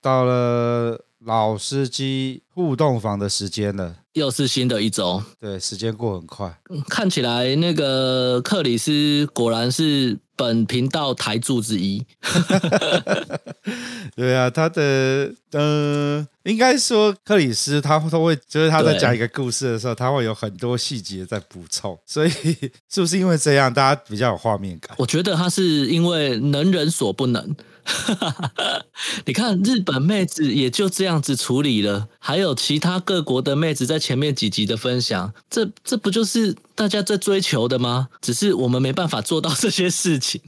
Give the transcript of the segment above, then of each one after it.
到了老司機互動房的時間了，又是新的一周。對，時間過很快。嗯。看起來那個克里斯果然是本頻道台柱之一。 對啊，他的嗯。呃應該說，克里斯他都會，就是他在講一個故事的時候，他會有很多細節在補充，所以是不是因為這樣，大家比較有畫面感？我覺得他是因為能人所不能。 你看日本妹子也就這樣子處理了，還有其他各國的妹子在前面幾集的分享，這這不就是大家在追求的嗎？只是我們沒辦法做到這些事情。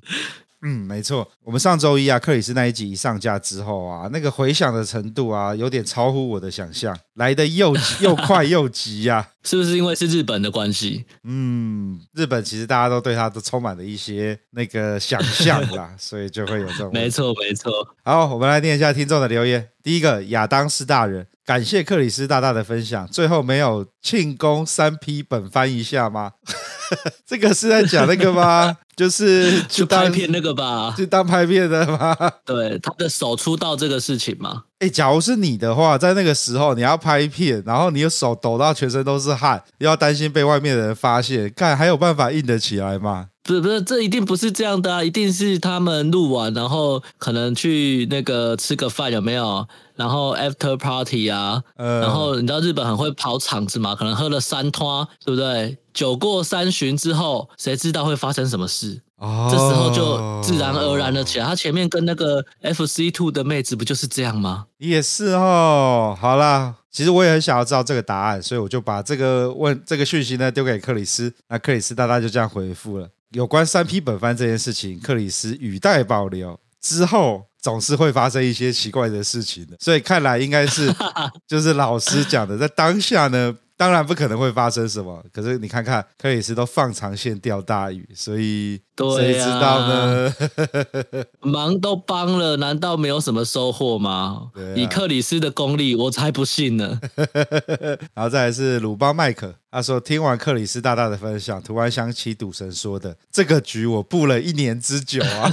嗯，沒錯。我們上周一啊，克里斯那一集一上架之後啊，那個回響的程度啊，有點超乎我的想象，來得又又快又急呀，啊， 是不是因為是日本的關係？嗯，日本其實大家都對它都充滿了一些那個想象啦， 所以就會有這種。沒錯，沒錯。好，我們來念一下聽眾的留言。第一個，亞當斯大人。感謝克里斯大大的分享。最後沒有慶功三 P 本番一下嗎？ 這個是在講那個嗎？ 就是當就拍片那個吧？是當拍片的嗎？對，他的手出道這個事情嘛哎、欸，假如是你的話，在那個時候你要拍片，然後你的手抖到全身都是汗，又要擔心被外面的人發現，看還有辦法硬得起來嗎？不是不是，這一定不是這樣的啊！一定是他們錄完，然後可能去那個吃個飯，有沒有？然後 after party 啊、呃，然後你知道日本很會跑場子嘛？可能喝了三拖，對不對？酒過三巡之後，誰知道會發生什麼事？哦，這時候就自然而然的起來、哦。他前面跟那個 FC2 的妹子不就是這樣嗎？也是哦。好啦，其實我也很想要知道這個答案，所以我就把這個問這個訊息呢丟給克里斯。那、啊、克里斯大大就這樣回覆了：有關 3P 本番這件事情，克里斯語帶保留之後。總是會發生一些奇怪的事情的，所以看來應該是，就是老師講的，在當下呢，當然不可能會發生什麼。可是你看看，克里斯都放長線釣大魚，所以。誰知道呢對、啊、 忙都幫了，難道沒有什麼收穫嗎對、啊？以克里斯的功力，我才不信呢。 然後再來是魯邦麥克，他說聽完克里斯大大的分享，突然想起賭神說的：“這個局我布了一年之久啊。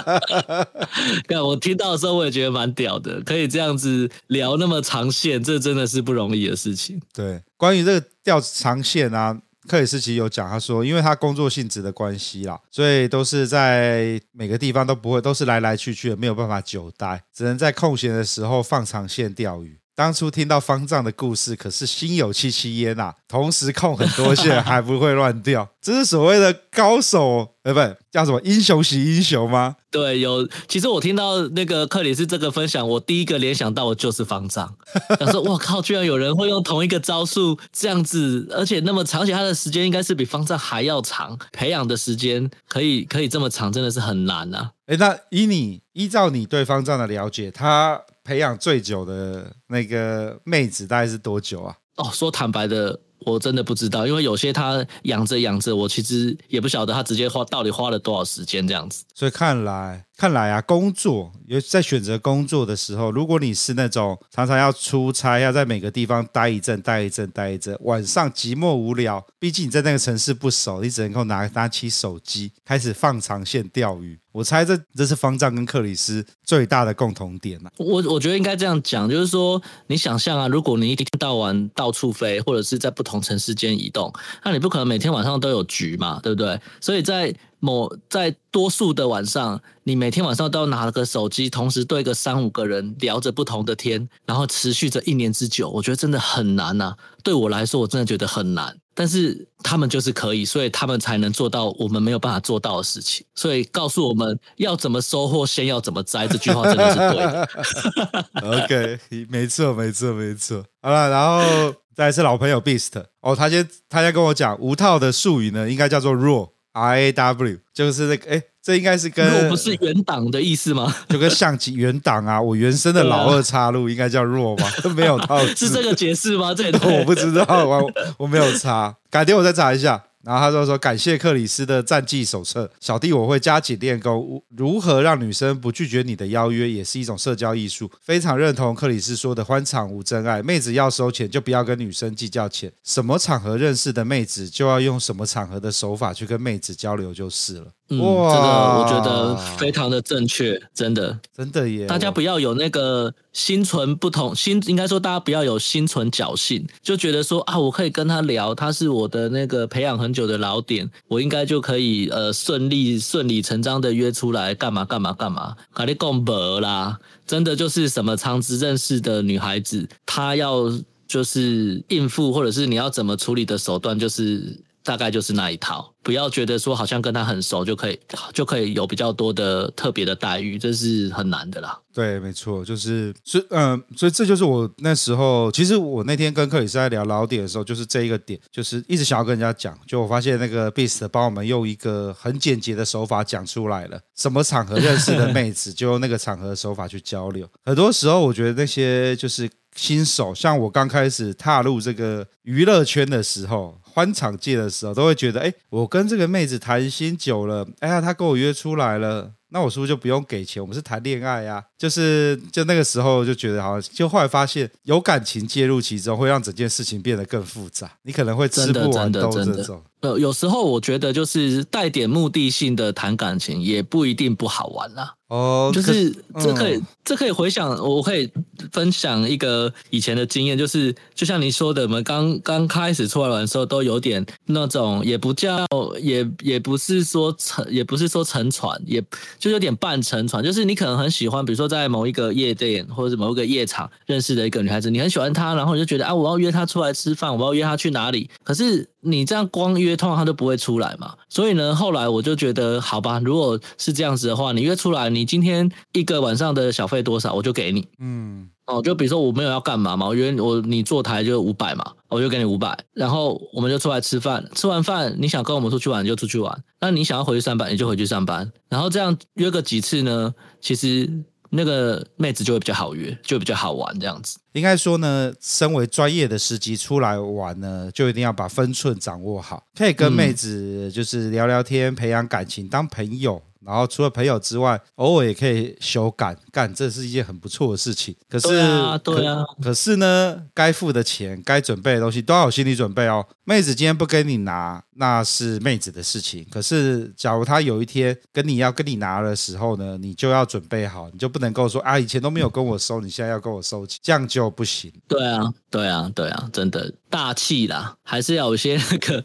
”但我聽到的時候，我也覺得蠻屌的，可以這樣子聊那麼長線，這真的是不容易的事情。對，關於這個釣長線啊。克里斯奇有講，他說，因為他工作性質的關係啦，所以都是在每個地方都不會，都是來來去去的，沒有辦法久待，只能在空閒的時候放長線釣魚。當初聽到方丈的故事，可是心有戚戚焉吶。同時控很多線還不會亂掉， 這是所謂的高手，哎，不是叫什麼英雄惜英雄嗎？對，有。其實我聽到那個克里斯這個分享，我第一個聯想到的就是方丈。他 說：“我靠，居然有人會用同一個招數這樣子，而且那麼長，且他的時間應該是比方丈還要長，培養的時間可以可以這麼長，真的是很難吶、啊。”哎，那以你依照你對方丈的了解，他。培養最久的那個妹子大概是多久啊？哦，說坦白的，我真的不知道，因為有些她養着養着，我其實也不曉得她直接花到底花了多少時間這樣子。所以看來。看來啊，工作有在選擇工作的時候，如果你是那種常常要出差，要在每個地方待一陣、待一陣、待一陣，晚上寂寞無聊，畢竟你在那個城市不熟，你只能夠拿拿起手機開始放長線釣魚。我猜這這是方丈跟克里斯最大的共同點啊。我我覺得應該這樣講，就是說你想象啊，如果你一天到晚到處飛，或者是在不同城市間移動，那你不可能每天晚上都有局嘛，對不對？所以在某在多數的晚上，你每天晚上都要拿了個手機，同時對個三五個人聊着不同的天，然後持續着一年之久，我覺得真的很難吶、啊。對我來說，我真的覺得很難。但是他們就是可以，所以他們才能做到我們沒有辦法做到的事情。所以告訴我們要怎麼收穫，先要怎麼栽，這句話真的是對的。 OK，沒錯，沒錯，沒錯。好啦，然後再來是老朋友 Beast 哦，他先他先跟我講，無套的術語呢，應該叫做 Raw。RAW 就是那個，哎，這應該是跟，我不是原檔的意思嗎？ 就跟相機原檔啊，我原生的老二插入應該叫弱吧？啊、 沒有套子。是這個解釋嗎？這 我不知道，我我沒有查，改天我再查一下。然後他就說：“感謝克里斯的戰績手冊，小弟我會加緊練功。如何讓女生不拒絕你的邀約，也是一種社交藝術。非常認同克里斯說的‘歡場無真愛，妹子要收錢就不要跟女生計較錢。’什麼場合認識的妹子，就要用什麼場合的手法去跟妹子交流就是了。”嗯、哇，這個我覺得非常的正確，真的，真的耶！大家不要有那個心存不同，心應該說大家不要有心存僥倖，就覺得說啊，我可以跟他聊，他是我的那個培養很久的老點，我應該就可以呃順利、順理成章的約出來幹嘛、幹嘛、幹嘛？咖喱貢布啦，真的就是什麼長直認識的女孩子，她要就是應付或者是你要怎麼處理的手段就是。大概就是那一套，不要覺得說好像跟他很熟就可以，就可以有比較多的特別的待遇，這是很難的啦。對，沒錯，就是，所嗯、呃，所以這就是我那時候，其實我那天跟克里斯在聊老底的時候，就是這一個點，就是一直想要跟人家講，就我發現那個 Beast 幫我們用一個很簡潔的手法講出來了，什麼場合認識的妹子，就用那個場合的手法去交流。 很多時候，我覺得那些就是新手，像我剛開始踏入這個娛樂圈的時候。歡場界的時候，都會覺得，哎，我跟這個妹子談心久了，哎呀，她跟我約出來了，那我是不是就不用給錢？我們是談戀愛呀，啊，就是就那個時候就覺得好像，就後來發現有感情介入其中，會讓整件事情變得更複雜，你可能會吃不完兜着走。有有時候我覺得就是帶點目的性的談感情也不一定不好玩啦。哦，就是這可以這可以回想，我可以分享一個以前的經驗，就是就像你說的，我們剛剛開始出來玩的時候都有點那種也不叫也也不是說沉也不是說沉船，也就有點半沉船，就是你可能很喜歡，比如說在某一個夜店或者某一個夜場認識的一個女孩子，你很喜歡她，然後你就覺得，啊我要約她出來吃飯，我要約她去哪裡？可是你這樣光約。約通常他都不會出來嘛，所以呢，後來我就覺得，好吧，如果是這樣子的話，你約出來，你今天一個晚上的小費多少，我就給你，嗯，哦，就比如說我沒有要幹嘛嘛，我約我你坐台就五百嘛，我就給你五百，然後我們就出來吃飯，吃完飯你想跟我們出去玩你就出去玩，那你想要回去上班你就回去上班，然後這樣約個幾次呢，其實。那個妹子就會比較好約，就比較好玩這樣子。應該說呢，身為專業的司機出來玩呢，就一定要把分寸掌握好。可以跟妹子就是聊聊天，嗯、培養感情，當朋友。然後除了朋友之外，偶爾也可以修改。幹，這是一件很不錯的事情。可是，對啊，對啊可，可是呢，該付的錢、該準備的東西都要有心理準備哦。妹子今天不跟你拿，那是妹子的事情。可是，假如她有一天跟你要跟你拿的時候呢，你就要準備好，你就不能夠說啊，以前都沒有跟我收、嗯，你現在要跟我收錢，這樣就不行。對啊，對啊，對啊，真的大氣啦，還是要有些那個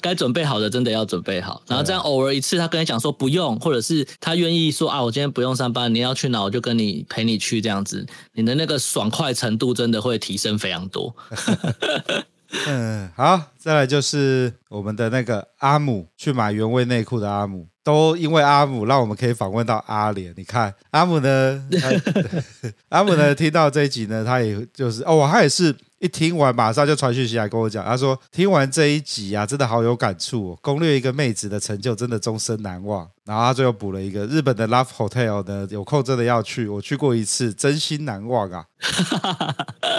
該準備好的，真的要準備好。啊、然後這樣偶爾一次，他跟你講說不用，或者是他願意說啊，我今天不用上班，你要去哪我就。就跟你陪你去這樣子，你的那個爽快程度真的會提升非常多。 嗯，好，再來就是我們的那個阿姆，去買原味內褲的阿姆，都因為阿姆讓我們可以訪問到阿蓮。你看阿姆呢， 阿姆呢，聽到這一集呢，他也就是哦，他也是。一聽完，馬上就傳訊息來跟我講，他說聽完這一集啊，真的好有感觸，喔，攻略一個妹子的成就，真的終身難忘。然後他最後補了一個日本的 Love Hotel 呢，有空真的要去，我去過一次，真心難忘啊！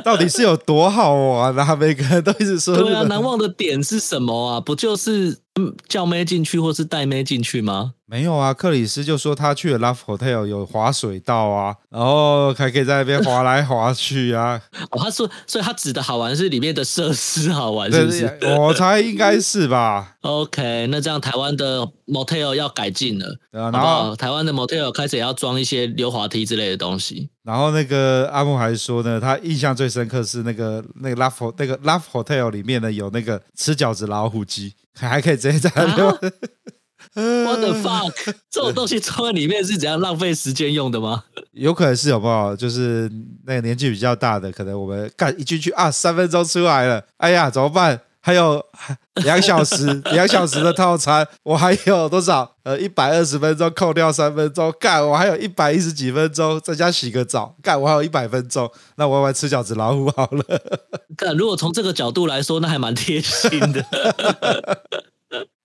到底是有多好玩啊？他每個人都一直說， 對啊，難忘的點是什麼啊？不就是？叫妹進去或是帶妹進去嗎？沒有啊，克里斯就說他去了 Love Hotel 有滑水道啊，然後還可以在那邊滑來滑去啊。 哦，他說，所以他指的好玩是裡面的設施好玩，是不是？我猜應該是吧。 OK，那這樣台灣的。Motel 要改進了，對啊，然後好不好台灣的 Motel 開始也要裝一些溜滑梯之類的東西。然後那個阿木還說呢，他印象最深刻是那個那個 Love 那個 Love Hotel 裡面呢，有那個吃餃子老虎機，還可以直接在溜滑梯。What the fuck， 這種東西裝在裡面是怎樣？浪費時間用的嗎？有可能是有沒有，就是那個年紀比較大的，可能我們幹一句句啊，三分鐘出來了，哎呀怎麼辦？還有兩小時， 兩小時的套餐，我還有多少？呃，一百二十分鐘，扣掉三分鐘，幹，我還有一百一十幾分鐘，在家洗個澡，幹，我還有一百分鐘，那我要吃餃子老虎好了。幹，如果從這個角度來說，那還蠻貼心的。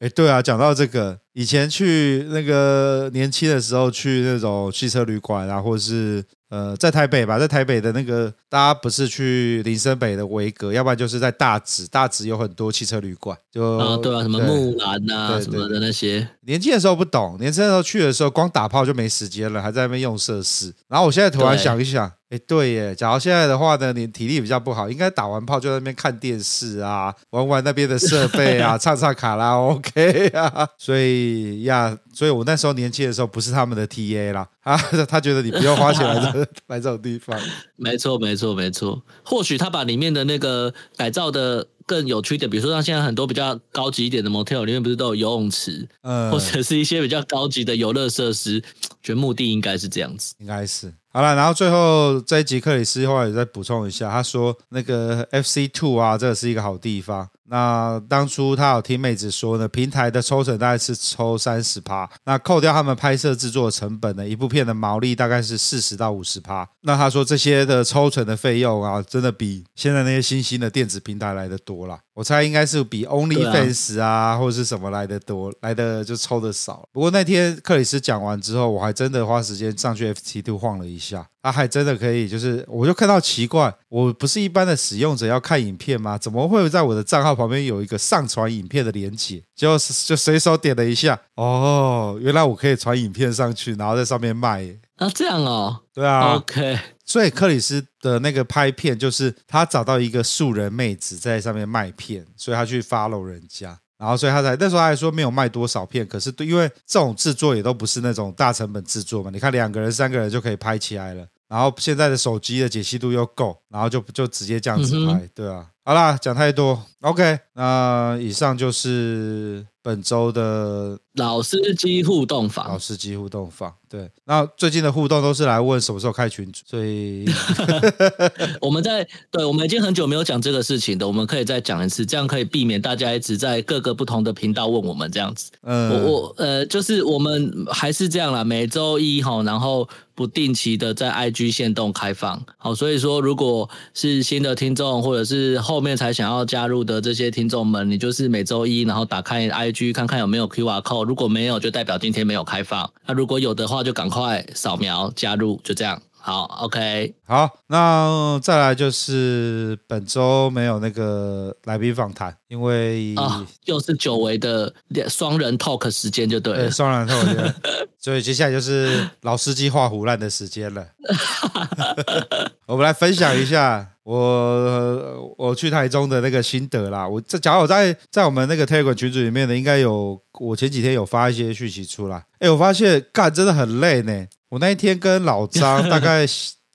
哎， 對啊，講到這個，以前去那個年輕的時候去那種汽車旅館啊，或是。呃，在台北吧，在台北的那個，大家不是去林森北的維格，要不然就是在大直，大直有很多汽車旅館，就啊，對啊，什麼木蘭啊，對對對，什麼的那些。年輕的時候不懂，年輕的時候去的時候，光打炮就沒時間了，還在那邊用設施。然後我現在突然想一想。欸、對耶！假如現在的話呢，你體力比較不好，應該打完炮就在那邊看電視啊，玩玩那邊的設備啊，唱唱卡拉 OK 啊。所以呀，所以我那時候年輕的時候不是他們的 TA 啦啊，他覺得你不用花錢來這 來這種地方。沒錯，沒錯，沒錯。或許他把裡面的那個改造的更有趣一點，比如說像現在很多比較高級一點的 motel 裡面不是都有游泳池，嗯，或者是一些比較高級的遊樂設施，覺得目的應該是這樣子，應該是。好啦，然後最後這一集，克里斯後來也再補充一下，他說那個 FC2 啊，這也、個、是一個好地方。那當初他有聽妹子說呢，平台的抽成大概是抽三十趴，那扣掉他們拍攝製作的成本呢，一部片的毛利大概是四十到五十趴。那他說這些的抽成的費用啊，真的比現在那些新興的電子平台來得多啦。我猜應該是比 OnlyFans 啊，啊或者是什麼來的多，來的就抽的少。不過那天克里斯講完之後，我還真的花時間上去 FT2 晃了一下，他、啊、還真的可以。就是我就看到奇怪，我不是一般的使用者要看影片嗎？怎麼會在我的賬號旁邊有一個上傳影片的連接？就是就隨手點了一下，哦，原來我可以傳影片上去，然後在上面賣。那、啊、這樣哦，對啊，OK。所以克里斯的那個拍片，就是他找到一個素人妹子在上面賣片，所以他去 follow 人家，然後所以他才那時候他還說沒有賣多少片，可是對，因為這種制作也都不是那種大成本制作嘛，你看兩個人、三個人就可以拍起來了，然後現在的手機的解析度又夠，然後就就直接這樣子拍、嗯，對啊。好啦，講太多，OK，那、呃、以上就是本周的老司機互動房，老司機互動房。對，然後最近的互動都是來問什麼時候開群組，所以 我們在對，我們已經很久沒有講這個事情的，我們可以再講一次，這樣可以避免大家一直在各個不同的頻道問我們這樣子。嗯，我我呃，就是我們還是這樣啦，每周一哈，然後不定期的在 IG 限動開放。好，所以說如果是新的聽眾或者是後面才想要加入的這些聽眾們，你就是每周一然後打開 IG 看看有沒有 QR code，如果沒有就代表今天沒有開放，那如果有的話。就趕快掃描加入，就這樣。好，OK，好，那再來就是本周沒有那個來賓訪談，因為、哦、又是久違的雙人 talk 時間，就對了，雙人 talk 時間。 所以接下來就是老司機話唬爛的時間了， 我們來分享一下。我我去台中的那個心得啦，我這假如我在在我們那個 Telegram 群組裡面呢，應該有我前幾天有發一些訊息出來。哎，我發現幹真的很累呢。我那一天跟老張大概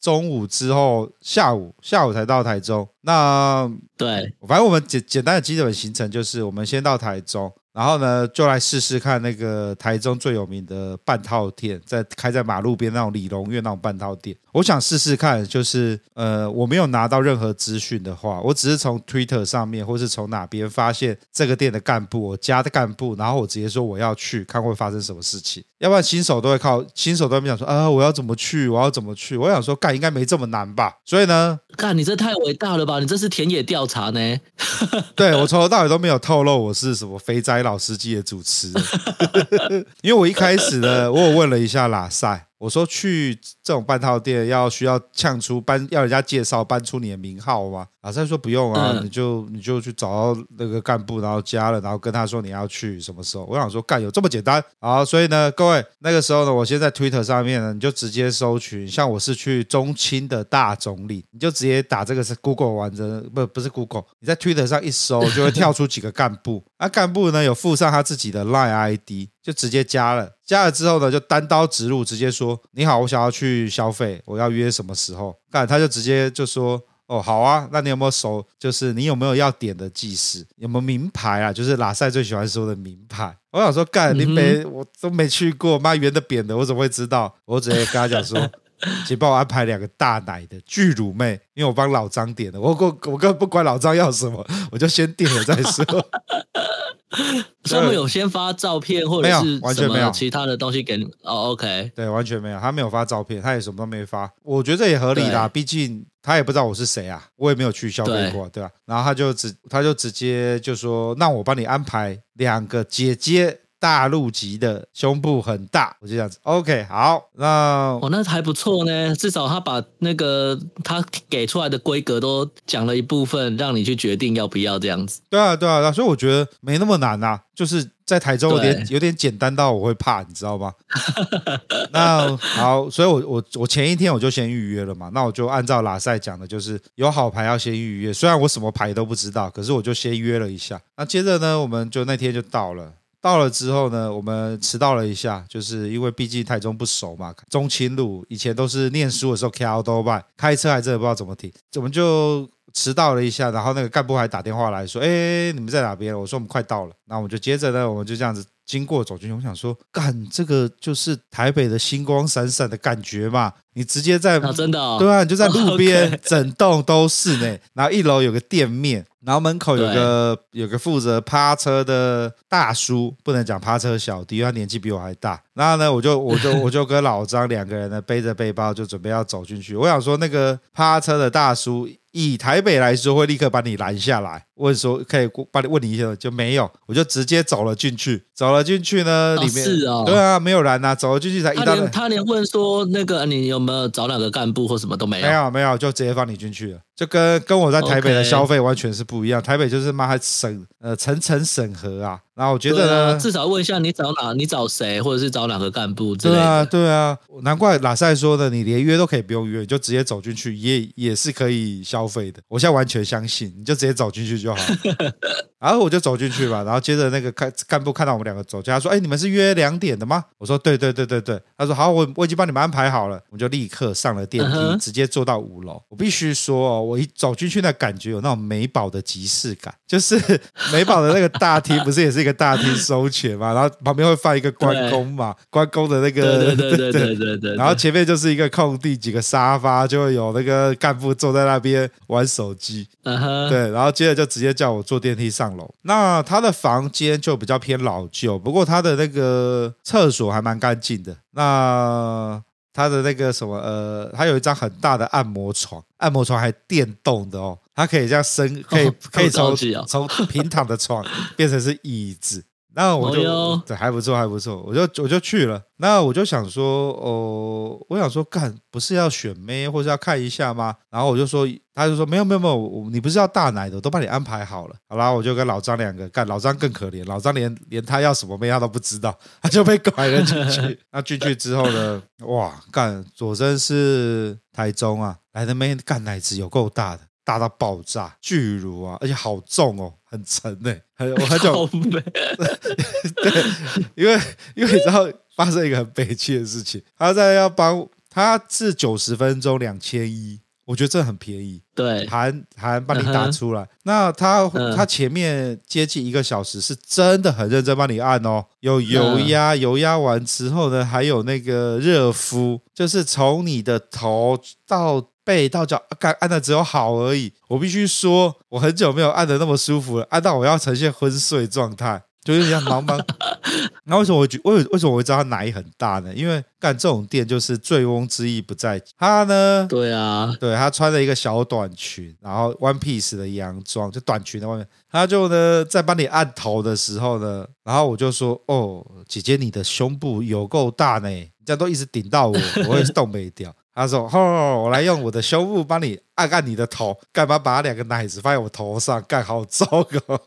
中午之後， 下午下午才到台中。那對，反正我們簡簡單的基本行程就是，我們先到台中，然後呢就來試試看那個台中最有名的半套店，在開在馬路邊那種李龍苑那種半套店，我想試試看，就是呃，我沒有拿到任何資訊的話，我只是從 Twitter 上面，或是從哪邊發現這個店的幹部，我家的幹部，然後我直接說我要去看會發生什麼事情。要不然新手都會靠，新手都會想說，啊、呃，我要怎麼去，我要怎麼去？我想說幹應該沒這麼難吧？所以呢，幹你這太偉大了吧？你這是田野調查呢？ 對，我從頭到尾都沒有透露我是什麼肥宅老司機的主持人， 因為我一開始呢，我有問了一下拉塞，我說去。這種半套店要需要嗆出搬要人家介紹搬出你的名號嗎？老、啊、三說不用啊，你就你就去找到那個幹部，然後加了，然後跟他說你要去什麼時候？我想說幹有這麼簡單？好，所以呢，各位那個時候呢，我先在 Twitter 上面呢，你就直接搜尋，像我是去中青的大總理，你就直接打這個是 Google 完成，不不是 Google，你在 Twitter 上一搜就會跳出幾個幹部， 啊幹部呢有附上他自己的 Line ID，就直接加了，加了之後呢就單刀直入，直接說，你好，我想要去。去消費，我要約什麼時候？幹，他就直接就說：“哦，好啊，那你有沒有熟？就是你有沒有要點的技師？有沒有名牌啊？就是拉塞最喜歡說的名牌。”我想說：“幹，你沒、嗯、我都沒去過，媽圓的扁的，我怎麼會知道？”我直接跟他講說：“ 請幫我安排兩個大奶的巨乳妹，因為我幫老張點的。我我我根本不管老張要什麼，我就先點了再說。 ”所以 他們有先發照片，或者是沒有其他的東西給你？哦、oh，OK，對，完全沒有，他沒有發照片，他也什麼都沒發。我覺得這也合理啦，畢竟他也不知道我是誰啊，我也沒有去消費過，對吧，啊？然後他就直他就直接就說：“那我幫你安排兩個姐姐。”大陸籍的胸部很大，我就這樣子。OK，好，那哦，那還不錯呢，至少他把那個他給出來的規格都講了一部分，讓你去決定要不要這樣子。對啊，對啊，所以我覺得沒那麼難啊，就是在台中有點有點簡單到我會怕，你知道嗎？ 那好，所以我，我我我前一天我就先預約了嘛，那我就按照拉塞講的，就是有好牌要先預約，雖然我什麼牌都不知道，可是我就先約了一下。那接着呢，我們就那天就到了。到了之後呢，我們遲到了一下，就是因為畢竟台中不熟嘛。中清路以前都是唸書的時候開好多遍，開車還真的不知道怎麼停，怎麼就遲到了一下。然後那個幹部還打電話來說：“哎、欸，你們在哪邊？”我說：“我們快到了。”那我們就接着呢，我們就這樣子經過走軍。我想說，幹，這個就是台北的星光閃閃的感覺嘛。你直接在、哦、真的、哦、對啊，你就在路邊，oh, okay. 整棟都是呢。然後一樓有個店面。然後門口有個有個負責趴車的大叔，不能講趴車小弟，因為他年紀比我還大。然後呢，我就我就我就跟老張兩個人呢， 背着背包就準備要走進去。我想說，那個趴車的大叔，以台北來說，會立刻把你攔下來，問說可以幫你問你一下，就沒有，我就直接走了進去。走了進去呢，哦、裡面是哦、對啊，沒有攔吶、啊。走了進去才一到。他連他連問說那個你有沒有找兩個幹部或什麼都沒有，沒有沒有，就直接放你進去了。就跟跟我在台北的消費完全是不一樣，okay. 台北就是嘛還審呃層層審核啊，然後我覺得呢，啊、至少問一下你找哪你找誰，或者是找哪個幹部之類的。對啊對啊，難怪拉塞說的，你連約都可以不用約，你就直接走進去也也是可以消費的。我現在完全相信，你就直接走進去就好。 然後我就走進去吧，然後接着那個幹幹部看到我們兩個走進，他說：“哎、欸，你們是約兩點的嗎？”我說：“對對對對對,對。”他說：“好，我我已經幫你們安排好了。”我就立刻上了電梯，uh -huh. 直接坐到五樓。我必須說哦。我一走進去，那感覺有那種美寶的即視感，就是美寶的那個大廳，不是也是一個大廳收錢嘛？然後旁邊會放一個關公嘛，關公的那個，對對對對對，對。然後前面就是一個空地，幾個沙發，就會有那個幹部坐在那邊玩手機。對。然後接着就直接叫我坐電梯上樓。那他的房間就比較偏老舊，不過他的那個廁所還蠻乾淨的。那他的那個什麼呃、，他有一張很大的按摩床，按摩床還電動的哦，他可以這樣伸，可以可以從從平躺的床變成是椅子。那我就對，還不錯，還不錯，我就我就去了。那我就想說，哦，我想說，幹，不是要選妹，或是要看一下嗎？然後我就說，他就說，沒有沒有沒有，你不是要大奶的，我都幫你安排好了。好啦，我就跟老張兩個幹，老張更可憐，老張連連他要什麼妹他都不知道，他就被拐了進去。那進去之後呢，哇，幹，左身是台中啊，來的妹幹奶子有夠大的，大到爆炸，巨乳啊，而且好重哦，很沉呢、欸。我很久 對，因為因為你知道發生一個很悲劇的事情，他在要幫他是九十分鐘兩千一，我覺得這很便宜，對，還還幫你打出來，嗯，那他他前面接近一個小時是真的很認真幫你按哦，有油壓，嗯，有油壓，油壓完之後呢，還有那個熱敷，就是從你的頭到背到腳，幹、啊、按的只有好而已。我必須說，我很久沒有按的那麼舒服了，按到我要呈現昏睡狀態，就有點茫茫。 那為什麼我覺，為為什麼我會知道他奶很大呢？因為幹這種店就是醉翁之意不在他呢。對啊，對，他穿了一個小短裙，然後 One Piece 的洋裝，就短裙在外面。他就呢，在幫你按頭的時候呢，然後我就說：“哦，姐姐，你的胸部有夠大呢，這樣都一直頂到我，我也是動沒掉。 ”他說：“吼、哦，我來用我的胸部幫你按按你的頭，幹嘛把兩個奶子放在我頭上？幹好糟糕！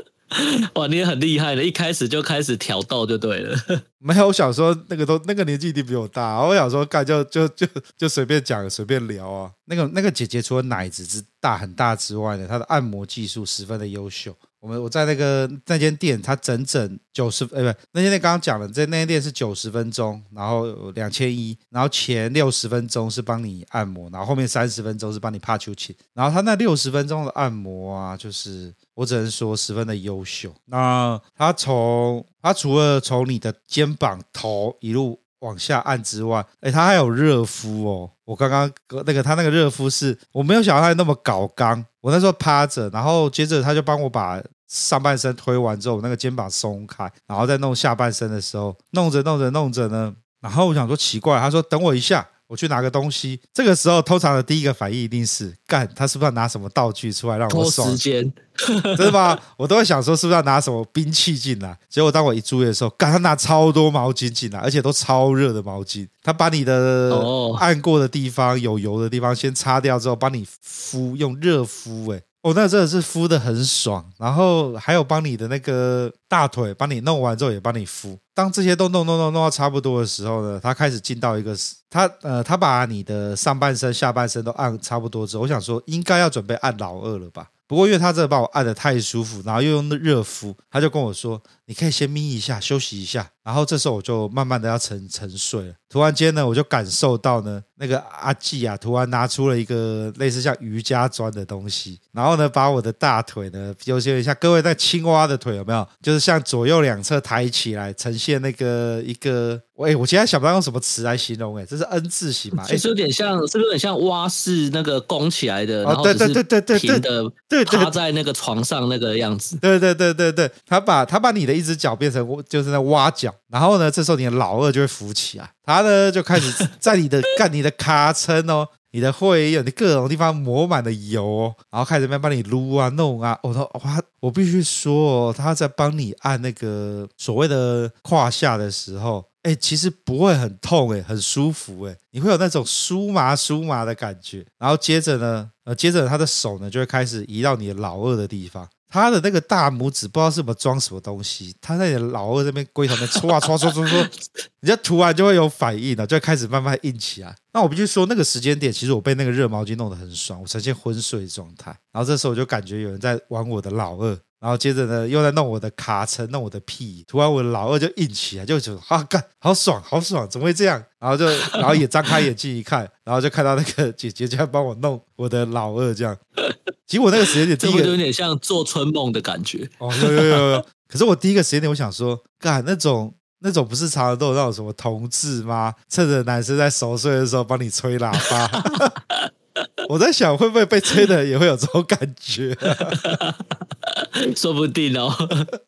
哇，你也很厲害的，一開始就開始挑逗就對了。 沒有，我想說那個都那個年紀一定比我大，我想說幹就就就就隨便講隨便聊啊。那個那個姐姐除了奶子之大很大之外呢，她的按摩技術十分的優秀。”我我在那個那間店，他整整九十哎，不是，那間店剛剛講了，這那間店是九十分鐘，然後兩千一，然後前六十分鐘是幫你按摩，然後後面三十分鐘是幫你帕出去。然後他那六十分鐘的按摩啊，就是我只能說十分的優秀。那他從他除了從你的肩膀頭一路往下按之外，誒、欸，他還有熱敷哦。我剛剛那個他那個熱敷是，我沒有想到他那麼搞剛，我那時候趴着，然後接着他就幫我把。上半身推完之後，那個肩膀鬆開，然後再弄下半身的時候，弄着弄着弄着呢，然後我想說奇怪，他說等我一下，我去拿個東西。這個時候通常的第一個反應一定是幹，他是不是要拿什麼道具出來讓我爽？拖時間，真 的嗎？我都在想說是不是要拿什麼兵器進來？結果當我一注意的時候，幹，他拿超多毛巾進來，而且都超熱的毛巾。他把你的按過的地方有油的地方先擦掉之後，幫你敷用熱敷、欸，哎。哦，那真的是敷的很爽，然後還有幫你的那個大腿，幫你弄完之後也幫你敷。當這些都弄弄弄弄到差不多的時候呢，他開始進到一個，他呃他把你的上半身、下半身都按差不多之後，我想說應該要準備按老二了吧。不過因為他真的把我按的太舒服，然後又用熱敷，他就跟我說。你可以先眯一下，休息一下，然後這時候我就慢慢的要沉沉睡了。突然間呢，我就感受到呢，那個阿季啊，突然拿出了一個類似像瑜伽磚的東西，然後呢，把我的大腿呢，有些像各位那青蛙的腿有沒有？就是像左右兩側抬起來，呈現那個一個，哎、欸，我現在想不到用什麼詞來形容、欸，哎，這是 N 字形嘛？其、就是有點像，欸、是不是有點像蛙式那個弓起來的，哦、然後就對，對，對，對，對，對，對。對的，對趴在那個床上那個樣子。對對對對對，對，他把他把你的。一隻腳變成，就是在挖腳，然後呢，這時候你的老二就會浮起來，他呢就開始在你的干 你的卡撐哦，你的會有你各種地方抹滿了油哦，然後開始在幫你擼啊弄啊，我說哇，我必須說，哦，他，哦他在幫你按那個所謂的胯下的時候，哎、欸，其實不會很痛哎、欸，很舒服哎、欸，你會有那種酥麻酥麻的感覺，然後接着呢，呃，接着他的手呢就會開始移到你的老二的地方。他的那個大拇指不知道是不是裝什麼東西，他在你的老二這邊龜頭那戳啊戳啊戳啊戳戳戳戳，人 家突然就會有反應了，就開始慢慢硬起來。那我必須說，那個時間點，其實我被那個熱毛巾弄得很爽，我呈現昏睡狀態。然後這時候我就感覺有人在玩我的老二。然後接着呢，又在弄我的卡層，弄我的屁。突然，我的老二就硬起來，就覺得好、啊、幹，好爽，好爽，怎麼會這樣？然後就，然後也張開眼睛 一看，然後就看到那個姐姐這樣幫我弄我的老二，這樣。結果那個時間點，個這個有點像做春夢的感覺。 哦，有，有有有。可是我第一個時間點，我想說，幹，那種，那種不是常常都有那種什麼同志嗎？趁着男生在熟睡的時候幫你吹喇叭。 我在想會不會被吹的人也會有這種感覺、啊， 說不定哦。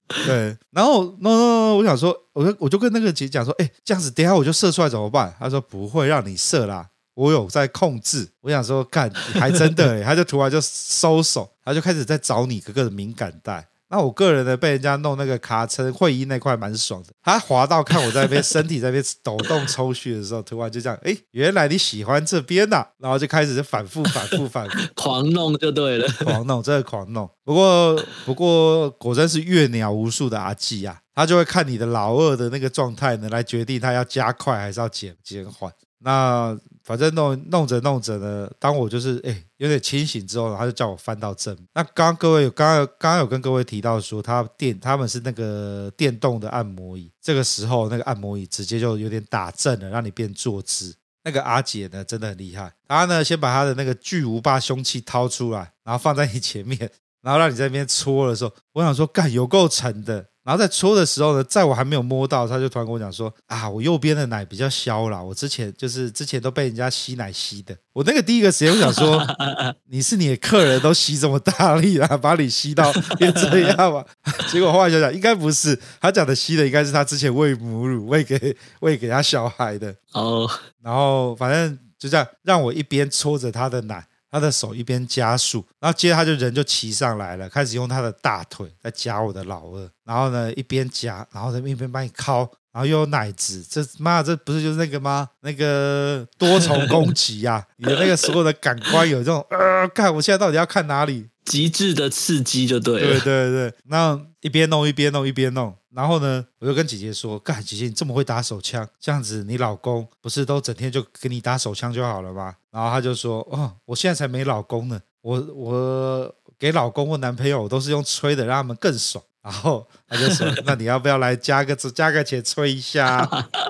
對，然後，那、no, no, no, no, 我想說，我就我就跟那個姐姐講說，哎、欸，這樣子等一下我就射出來怎麼辦？她說不會讓你射啦，我有在控制。我想說，幹，還真的、欸，她 就突然就收手，她就開始在找你哥哥的敏感帶。那我個人呢，被人家弄那個卡稱會陰那塊蠻爽的。他滑到，看我在那邊 身體在那邊抖動抽搐的時候，突然就這樣，哎、欸，原來你喜歡這邊吶、啊，然後就開始是反覆反覆反覆 狂弄就對了，狂弄真的狂弄。不過不過果真是閱鳥無數的阿季啊，他就會看你的老二的那個狀態呢，來決定他要加快還是要減減緩。那。反正弄弄着弄着呢，當我就是哎、欸，有點清醒之後，然後他就叫我翻到正。那剛剛各位剛剛剛剛有跟各位提到說，他電他們是那個電動的按摩椅，這個時候那個按摩椅直接就有點打正了，讓你變坐姿。那個阿姐呢真的很厲害，她呢先把她的那個巨無霸凶器掏出來，然後放在你前面，然後讓你在那邊搓的時候，我想說，幹，有夠沉的。然後在搓的時候呢，在我還沒有摸到，他就突然跟我講說：“啊，我右邊的奶比較消了。我之前就是之前都被人家吸奶吸的，我那個第一個時間我想說， 你是你的客人，都吸這麼大力啊，把你吸到這樣吧？ 結果後來想想，應該不是，他講的吸的應該是他之前餵母乳餵給餵給他小孩的哦。Oh. 然後反正就這樣，讓我一邊搓着他的奶。”他的手一邊加速，然後接着他就人就騎上來了，開始用他的大腿在夾我的老二，然後呢一邊夾，然後在一邊幫你尻。然後又有奶子，這媽，這不是就是那個嗎？那個多重攻擊呀，啊，有 那個時候的感官，有這種，呃，幹，我現在到底要看哪裡？極致的刺激就對了。對對對，那一邊弄一邊弄一邊弄，然後呢，我就跟姐姐說，幹，姐姐你這麼會打手槍，這樣子你老公不是都整天就給你打手槍就好了嗎？然後他就說，哦，我現在才沒老公呢，我我。給老公或男朋友，我都是用吹的，讓他們更爽。然後他就說：“那你要不要來加個字， 加個錢吹一下？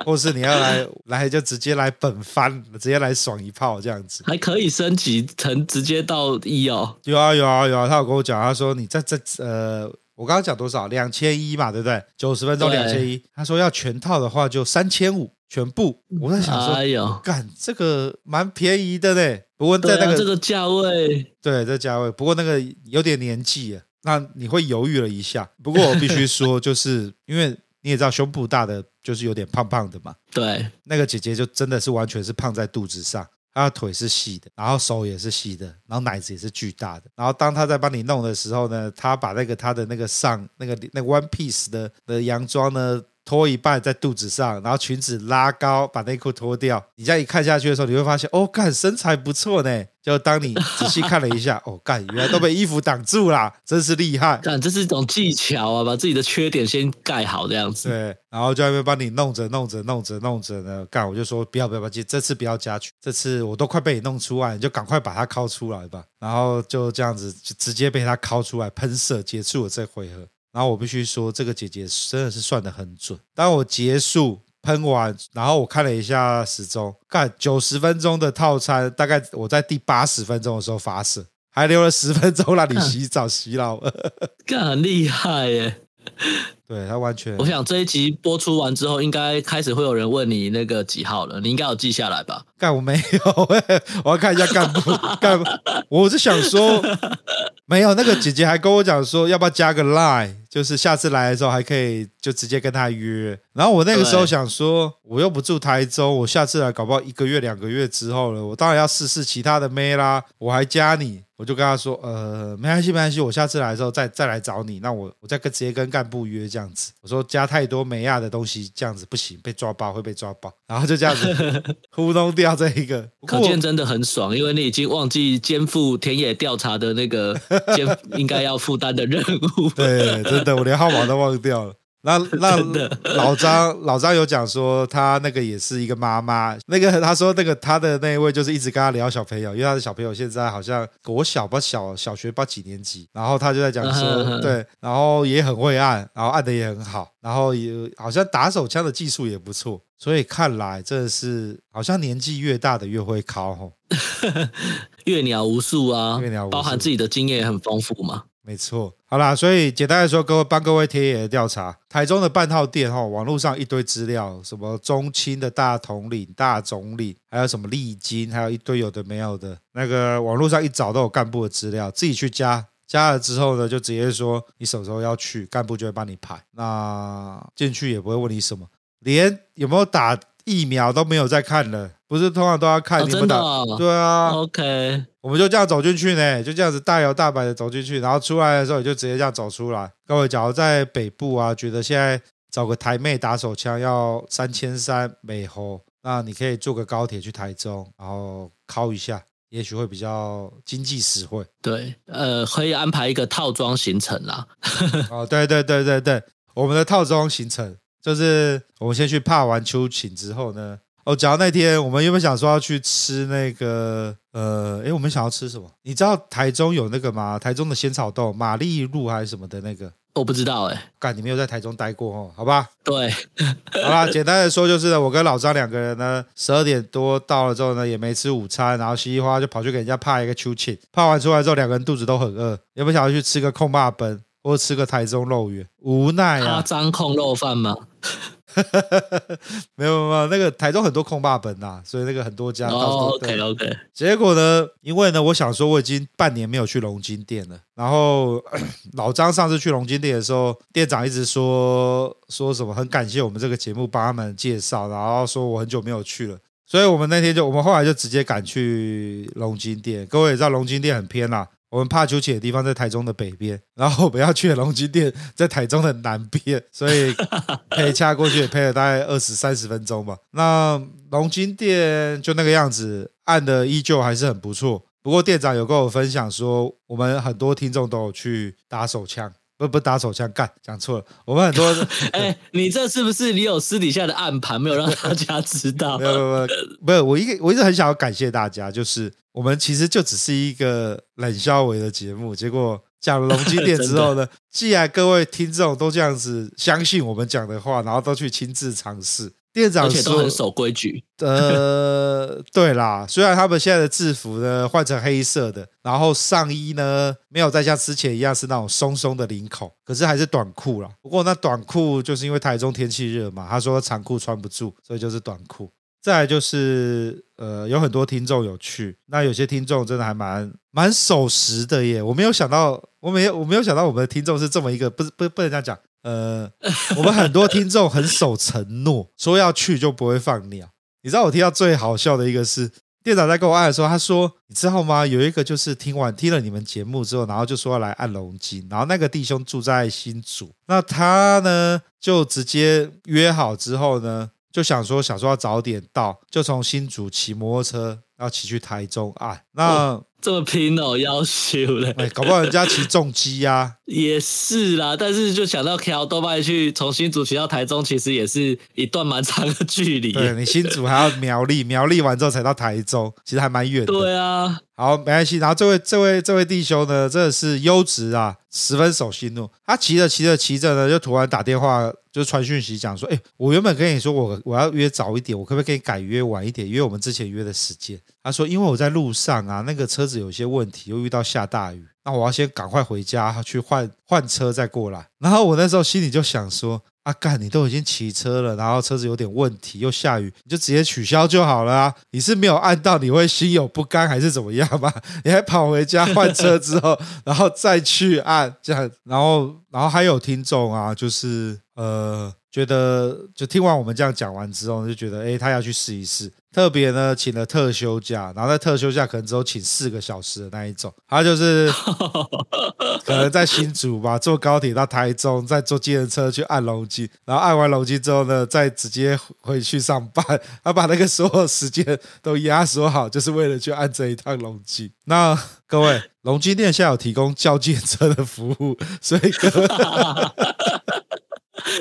或是你要來來就直接來本番，直接來爽一炮這樣子？還可以升級成直接到一哦。”有啊有啊有啊，他有跟我講，他說你在：“你在在呃，我剛剛講多少？兩千一嘛，對不對？九十分鐘兩千一。他說要全套的話就三千五，全部。我在想說，哎呦哦、幹這個蠻便宜的嘞。”不過在那個、啊、這個價位，對，在價位。不過那個有點年紀，那你會猶豫了一下。不過我必須說，就是 因為你也知道，胸部大的就是有點胖胖的嘛。對，那個姐姐就真的是完全是胖在肚子上，她的腿是細的，然後手也是細的，然後奶子也是巨大的。然後當她在幫你弄的時候呢，她把那個她的那個上那個那 one piece 的的洋裝呢。脫一半在肚子上，然後裙子拉高，把內褲脫掉。你這樣一看下去的時候，你會發現，哦，幹，身材不錯呢。就當你仔細看了一下， 哦，幹，原來都被衣服擋住啦，真是厲害。幹，這是一種技巧啊，把自己的缺點先蓋好這樣子。對，然後就在那邊幫你弄着、弄着、弄着、弄着呢。幹，我就說不要、不要、不要，這次不要加裙，這次我都快被你弄出來，你就趕快把它尻出來吧。然後就這樣子，就直接被他尻出來噴射，結束了這回合。然後我必須說，這個姐姐真的是算得很準。當我結束噴完，然後我看了一下時鐘，看九十分鐘的套餐，大概我在第八十分鐘的時候發射，還留了十分鐘讓你洗澡、啊、洗腦， 幹很厲害耶！ 對，他完全，我想這一集播出完之後，應該開始會有人問你那個幾號了，你應該有記下來吧？幹我沒有，我要看一下幹部 幹部。我是想說，沒有那個姐姐還跟我講說，要不要加個 line，就是下次來的時候還可以就直接跟他約。然後我那個時候想說，我又不住台中，我下次來搞不好一個月兩個月之後了，我當然要試試其他的妹啦。我還加你，我就跟他說，呃，沒關係沒關係，我下次來的時候再再來找你。那我我再跟直接跟幹部約。這樣子，我說加太多美亞的東西，這樣子不行，被抓包，會被抓包，然後就這樣子，糊弄掉這一個。可見真的很爽，因為你已經忘記肩負田野調查的那個肩應該要負擔的任務。對，真的， 我連號碼都忘掉了。 那那老張 老張有講說，他那個也是一個媽媽，那個他說那個他的那一位就是一直跟他聊小朋友，因為他的小朋友現在好像國小吧，小小學吧幾年級，然後他就在講說， 對，然後也很會按，然後按得也很好，然後也好像打手槍的技術也不錯，所以看來真的是好像年紀越大的越會考吼，閱 鳥無數啊，閱鳥無數，包含自己的經驗也很豐富嘛。沒錯，好啦，所以簡單的說，各位幫各位田野的調查台中的半套店哈，網絡上一堆資料，什麼中青的大統領、大總理，還有什麼麗晶，還有一堆有的沒有的，那個網絡上一找都有幹部的資料，自己去加，加了之後呢，就直接說你什麼時候要去，幹部就會幫你排，那進去也不會問你什麼，連有沒有打。疫苗都沒有在看了，不是通常都要看，哦、你們打哦？對啊，OK，我們就這樣走進去呢，就這樣子大搖大擺的走進去，然後出來的時候也就直接這樣走出來。各位，假如在北部啊，覺得現在找個台妹打手槍要三千三美猴，那你可以坐個高鐵去台中，然後靠一下，也許會比較經濟實惠。對，呃，可以安排一個套裝行程啦。 哦，對對對對對，我們的套裝行程。就是我們先去泡完秋寢之後呢，哦，講到那天，我們有沒有想說要去吃那個，呃，哎，我們想要吃什麼？你知道台中有那個嗎？台中的仙草豆、馬利露還是什麼的那個？我不知道哎、欸，幹，你沒有在台中待過哦。好吧，對， 好啦，簡單的說就是呢，我跟老張兩個人呢，十二點多到了之後呢，也沒吃午餐，然後西里嘩就跑去給人家泡一個秋寢，泡完出來之後，兩個人肚子都很餓，有沒有想要去吃個控霸崩？多吃個台中肉圓，無奈啊！張控肉飯嗎？ 沒有沒有，那個台中很多控霸本吶、啊，所以那個很多家。Oh, OK OK。結果呢？因為呢，我想說我已經半年沒有去龍筋店了。然後 老張上次去龍筋店的時候，店長一直說說什麼很感謝我們這個節目幫他們介紹，然後說我很久沒有去了，所以我們那天就我們後來就直接趕去龍筋店。各位也知道龍筋店很偏吶。我們怕九姐的地方在台中的北邊，然後我們要去的龍筋店在台中的南邊，所以配掐過去也配了大概二十三十分鐘吧。那龍筋店就那個樣子，按的依舊還是很不錯。不過店長有跟我分享說，我們很多聽眾都有去打手槍，不不打手槍幹，講錯了。我們很多，哎、欸，你這是不是你有私底下的暗盤沒有讓大家知道嗎？ 沒？沒有沒有沒有，我一個我一直很想要感謝大家，就是。我們其實就只是一個冷笑話的節目，結果講了龍筋店之後呢， 既然各位聽眾都這樣子相信我們講的話，然後都去親自嘗試，店長而且都很守規矩。 呃，對啦，雖然他們現在的制服呢換成黑色的，然後上衣呢沒有再像之前一樣是那種鬆鬆的領口，可是還是短褲啦。不過那短褲就是因為台中天氣熱嘛，他說他長褲穿不住，所以就是短褲。再來就是，呃，有很多聽眾有去，那有些聽眾真的還蠻蠻守時的耶。我沒有想到，我沒有我沒有想到我們的聽眾是這麼一個，不是不不能這樣講。呃，我們很多聽眾很守承諾， 說要去就不會放鳥。你知道我聽到最好笑的一個是，店長在跟我按的時候，他說：“你知道嗎？”有一個就是聽完聽了你們節目之後，然後就說要來按龍筋，然後那個弟兄住在新竹，那他呢就直接約好之後呢。就想說，想說要早點到，就從新竹騎摩托車，要騎去台中啊，哎。那。嗯這麼拼哦，要求嘞。哎、欸，搞不好人家騎重機呀、啊。也是啦，但是就想到 K l 豆瓣去從新竹騎到台中，其實也是一段蠻長的距離。對，你新竹還要苗栗，苗栗完之後才到台中，其實還蠻遠。對啊，好，沒關係。然後這位、這位、這位弟兄呢，真的是優質啊，十分守信用。他騎着騎着騎着呢，就突然打電話就傳訊息講說：“哎、欸，我原本跟你說我我要約早一點，我可不可以給你改約晚一點？因為我們之前約的時間。”他說：“因為我在路上啊，那個車子有些問題，又遇到下大雨，那我要先趕快回家去換換車再過來。”然後我那時候心裡就想說：“阿干，你都已經騎車了，然後車子有點問題，又下雨，你就直接取消就好了。啊，你是沒有按到，你會心有不甘還是怎麼樣吧？你還跑回家換車之後， 然後再去按這樣，然後然後還有聽眾啊，就是呃，覺得就聽完我們這樣講完之後，就覺得哎，他要去試一試。”特別呢，請了特休假，然後在特休假可能只有請四個小時的那一種，他就是可能在新竹吧，坐高鐵到台中，再坐計程車去按龍筋，然後按完龍筋之後呢，再直接回去上班，他把那個所有時間都壓縮好，就是為了去按這一趟龍筋。那各位，龍筋店現在有提供叫計程車的服務，所以各位。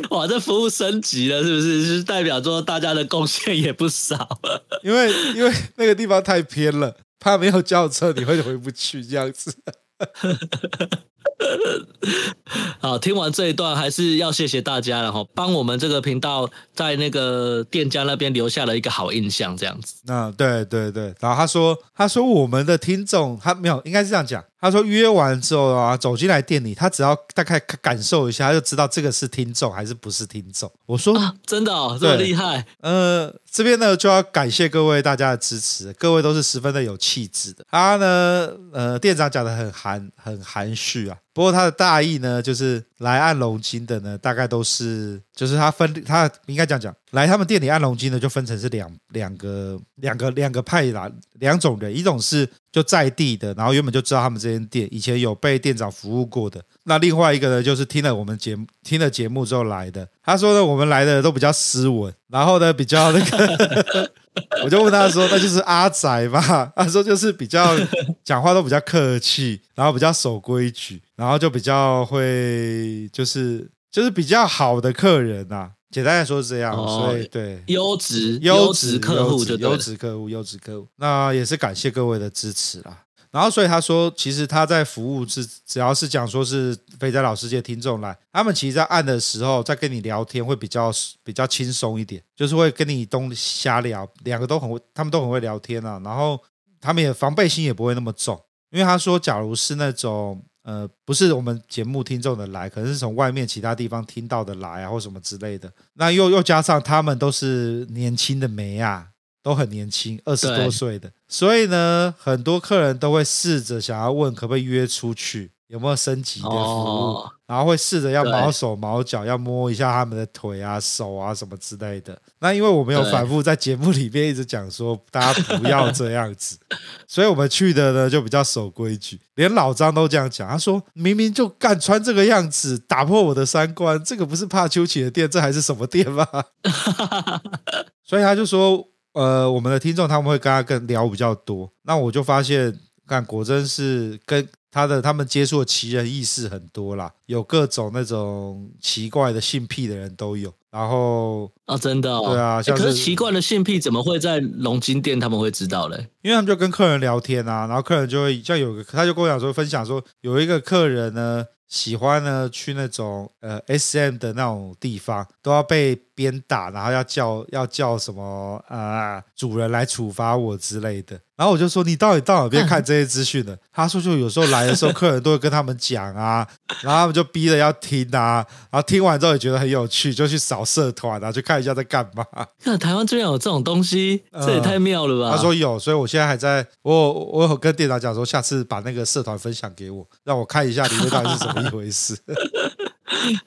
哇，這服務升級了，是不是？就是代表說大家的貢獻也不少了。 因為因為那個地方太偏了，怕沒有轎車，你會回不去 這樣子。 好，聽完這一段，還是要謝謝大家了，然後幫我們這個頻道在那個店家那邊留下了一個好印象，這樣子。嗯、啊，對對對。然後他說，他說我們的聽眾，他沒有，應該是這樣講。他說約完之後啊，走進來店裡，他只要大概感受一下，他就知道這個是聽眾還是不是聽眾。我說、啊、真的，哦，這麼厲害。呃，這邊呢就要感謝各位大家的支持，各位都是十分的有氣質的。他呢，呃，店長講的很含很含蓄啊。不過他的大意呢，就是來按龍筋的呢，大概都是，就是他分，他應該這樣講，來他們店裡按龍筋的就分成是兩兩個兩個兩個派啦，兩種人，一種是就在地的，然後原本就知道他們這間店以前有被店長服務過的，那另外一個呢，就是聽了我們節目聽了節目之後來的。他說呢，我們來的都比較斯文，然後呢比較那個。 我就問他說：“那就是阿宅吧？”他說：“就是比較講話都比較客氣， 然後比較守規矩，然後就比較會就是就是比較好的客人吶、啊。簡單來說是這樣，哦、所以對優質優質，優質客戶就對了優質客戶優質客戶，那也是感謝各位的支持啦。”然後，所以他說，其實他在服務是，只要是講說是肥仔老師這些聽眾來，他們其實在按的時候，在跟你聊天會比較比較輕鬆一點，就是會跟你東瞎聊，兩個都很會，他們都很會聊天啊。然後他們也防備心也不會那麼重，因為他說，假如是那種呃，不是我們節目聽眾的來，可能是從外面其他地方聽到的來啊，或什麼之類的，那又又加上他們都是年輕的妹啊，都很年輕，二十多歲的。所以呢，很多客人都會試着想要問可不可以約出去，有沒有升級的服務，哦、然後會試着要毛手毛腳，要摸一下他們的腿啊、手啊什麼之類的。那因為我們有反復在節目裡面一直講說，大家不要這樣子， 所以我們去的呢就比較守規矩。連老張都這樣講，他說明明就干穿這個樣子，打破我的三觀，這個不是怕邱起的店，這還是什麼店嗎？ 所以他就說。呃，我們的聽眾他們會跟他跟聊比較多，那我就發現，看果真是跟他的他們接觸的奇人異事很多啦，有各種那種奇怪的性癖的人都有，然後啊、哦，真的、哦，對啊，可是奇怪的性癖怎麼會在龍筋店？他們會知道嘞，因為他們就跟客人聊天啊，然後客人就會像有個他就跟我講說，分享說有一個客人呢。喜歡呢，去那種呃 SM 的那種地方，都要被鞭打，然後要叫要叫什麼啊、呃，主人來處罰我之類的。然後我就說：“你到底到哪邊看這些資訊的？”嗯、他說：“就有時候來的時候，客人都會跟他們講啊， 然後他們就逼着要聽啊，然後聽完之後也覺得很有趣，就去掃社團啊，去看一下在幹嘛。看”看台灣居然有這種東西、呃，這也太妙了吧！他說有，所以我現在還在我我，我有跟店長講說，下次把那個社團分享給我，讓我看一下裡面到底是怎麼一回事，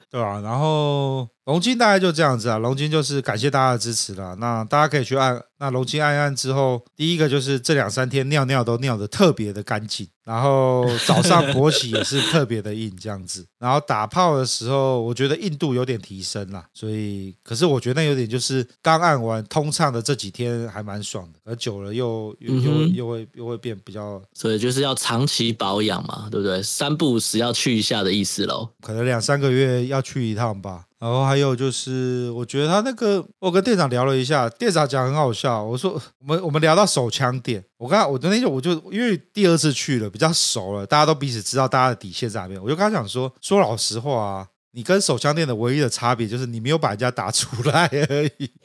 對吧、啊？然後。龍筋大概就這樣子啊，龍筋就是感謝大家的支持啦，那大家可以去按，那龍筋按一按之後，第一個就是這兩三天尿尿都尿得特的特別的乾淨，然後早上勃起也是特別的硬這樣子。 然後打砲的時候，我覺得硬度有點提升啦。所以，可是我覺得那有點就是剛按完通暢的這幾天還蠻爽的，而久了又又、嗯、又，又會又會變比較。所以就是要長期保養嘛，對不對？三不五時要去一下的意思嘍，可能兩三個月要去一趟吧。然後還有就是，我覺得他那個，我跟店長聊了一下，店長講很好笑。我說我們我們聊到手槍店，我剛我昨天我就因為第二次去了，比較熟了，大家都彼此知道大家的底線在那邊。我就跟他講說，說老實話啊，你跟手槍店的唯一的差別就是你沒有把人家打出來而已。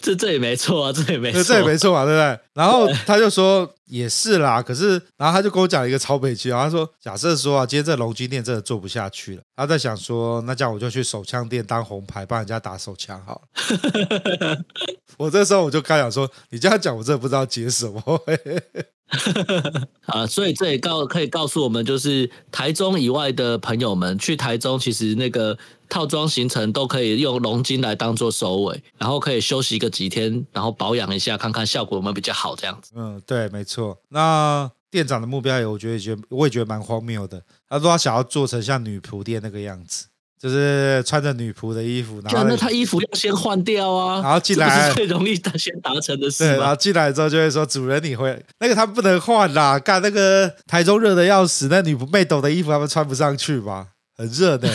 這也、啊、這也沒錯，啊，這也沒這也沒錯嘛、啊，對不對？然後他就說。也是啦，可是然後他就跟我講一個超悲劇，他說假設說啊，今天這龍筋店真的做不下去了，他在想說，那這樣我就去手槍店當紅牌，幫人家打手槍好了。 我這時候我就開想講說，你這樣講我真的不知道接什麼。嘿嘿 啊，所以這也告可以告訴我們，就是台中以外的朋友們去台中，其實那個。套裝行程都可以用龍筋來當做收尾，然後可以休息個幾天，然後保養一下，看看效果有沒有比較好這樣子。嗯，對，沒錯。那店長的目標，也，我覺得也我也覺得蠻荒謬的。他說他想要做成像女僕店那個樣子，就是穿着女僕的衣服。那、啊、那他衣服要先換掉啊，然後進來是，是最容易的先達成的事。然後進來之後就會說主人你會那個他不能換啦，幹那個台中熱的要死，那女僕妹抖的衣服他們穿不上去吧。很熱的，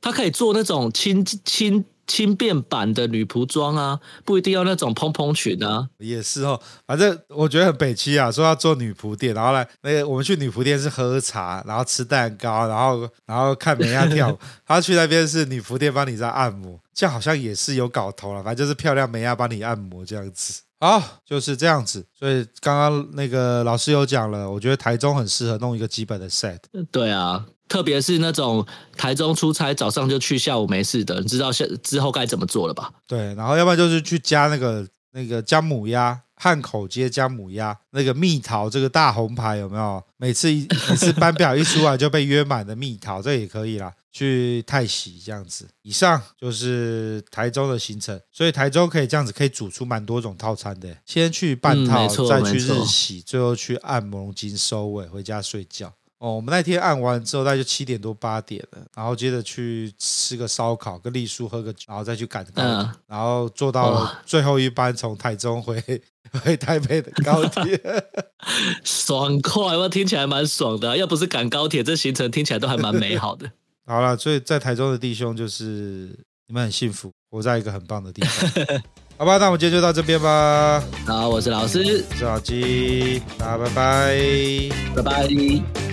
他可以做那種輕輕輕便版的女僕裝啊，不一定要那種蓬蓬裙啊。也是哦，反正我覺得很北七啊，說要做女僕店，然後來那個我們去女僕店是喝茶，然後吃蛋糕，然後然後看美亞跳舞。 他去那邊是女僕店，幫你在按摩，這樣好像也是有搞頭了。反正就是漂亮美亞幫你按摩這樣子，好就是這樣子。所以剛剛那個老師有講了，我覺得台中很適合弄一個基本的 set。對啊。特別是那種台中出差，早上就去，下午沒事的，你知道下之後該怎麼做了吧？對，然後要不然就是去加那個那個薑母鴨，漢口街薑母鴨，那個蜜桃，這個大紅牌有沒有？每次每次班表一出來就被約滿的蜜桃， 這也可以啦。去泰喜這樣子，以上就是台中的行程，所以台中可以這樣子可以煮出蠻多種套餐的，先去半套、嗯，再去日喜，最後去按摩龍筋收尾，回家睡覺。哦，我們那天按完之後，大概就七點多八點了，然後接着去吃個燒烤，跟麗叔喝個酒，然後再去趕高、嗯、然後坐到最後一班從台中回回台北的高鐵， 爽快不？聽起來蠻爽的、啊。要不是趕高鐵，這行程聽起來都還蠻美好的。 好了，所以在台中的弟兄就是你們很幸福，活在一個很棒的地方。 好吧，那我們今天就到這邊吧。好，我是老師，是老雞，大、啊、家拜拜，拜拜。